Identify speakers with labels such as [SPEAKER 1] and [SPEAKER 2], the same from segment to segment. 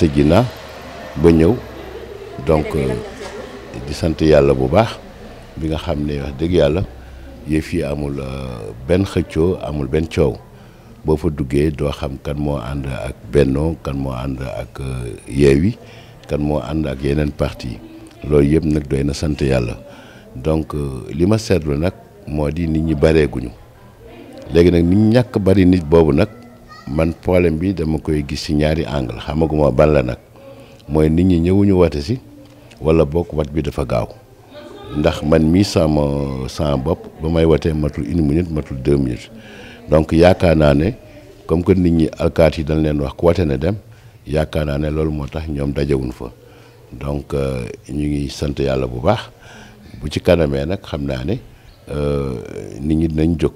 [SPEAKER 1] tëji na ba ñëw donc euh, di sant yàlla bu baax bi nga xam ne wax dëgg yàlla yëf yi amul euh, benn xëccoo amul benn coow boo fa duggee doo xam kan moo ànd ak Benno kan moo ànd ak euh, Yewwi kan moo ànd ak yeneen parti loolu yëpp nag doy na sant yàlla donc li ma seetlu nag moo di nit ñi bareeguñu léegi nag nit ñàkk bari nit boobu nag man problème bi dama koy gis ci ñaari angle xamaguma ban la nak moy nit ñi ñu wate si wala bok wat bi dafa gaaw ndax man mi sama sama bop ba may watee matul 1 minute matul 2 minutes donc yaakaar naa ne comme que nit ñi alkaat yi dañ leen wax ku wate na dem yaakaar naa ne lool motax ñom ñoom dajewuñ fa donc euh, ñu ngi sant yalla bu baax bu ci kanamé nak xamna naa euh nit ñi dinañ jokk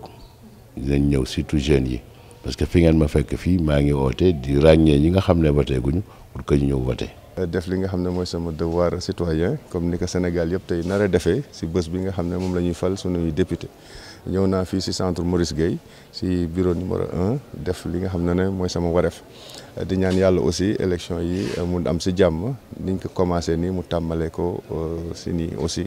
[SPEAKER 1] dañ ñew surtout jeunes yi parce que fi ngeen ma fekk fii maa ngi oote di ràññee ñi nga xam ne voté guñu pour que ñu ñëw voté. def
[SPEAKER 2] li nga xam ne mooy sama devoir citoyen comme ni ko Sénégal yëpp tey nar defee si bés bi nga xam ne moom lañuy ñuy fal suñuy député ñëw naa fii si centre Maurice Gueye si bureau numéro un def li nga xam ne ne mooy sama wareef di ñaan yàlla aussi élection yi mu am si jàmm niñ ko commencé nii mu tàmmalee ko euh, si nii aussi.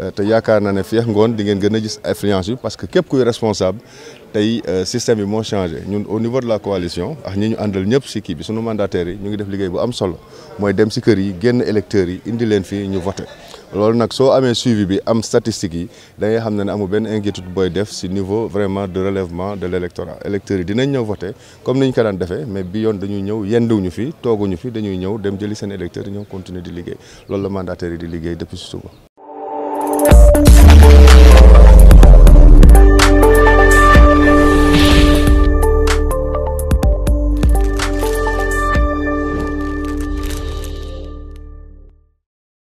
[SPEAKER 2] Euh, te yaakaar naa ne feex ngoon di ngeen gën a gis influence bi parce que képp kuy responsable tey euh, système bi moo changé ñun au niveau de la coalition ak ñi ñu àndal ñëpp si kii bi sunu mandataire yi ñu ngi def liggéey bu am solo mooy dem si kër yi génn électeurs yi indi leen fii ñu voté loolu nag soo amee suivi bi am statistiques yi da ngay xam ne ne amul benn inquiétude booy def si niveau vraiment de relèvement de l' électorat électeurs yi dinañ ñëw voté comme niñ ñu ko daan defee mais bi yoon dañuy ñëw yenduwuñu fi tooguñu fi dañuy ñëw dem jëli seen électeurs yi ñëw continuer di liggéey loolu la mandataire yi di liggéey depuis si suba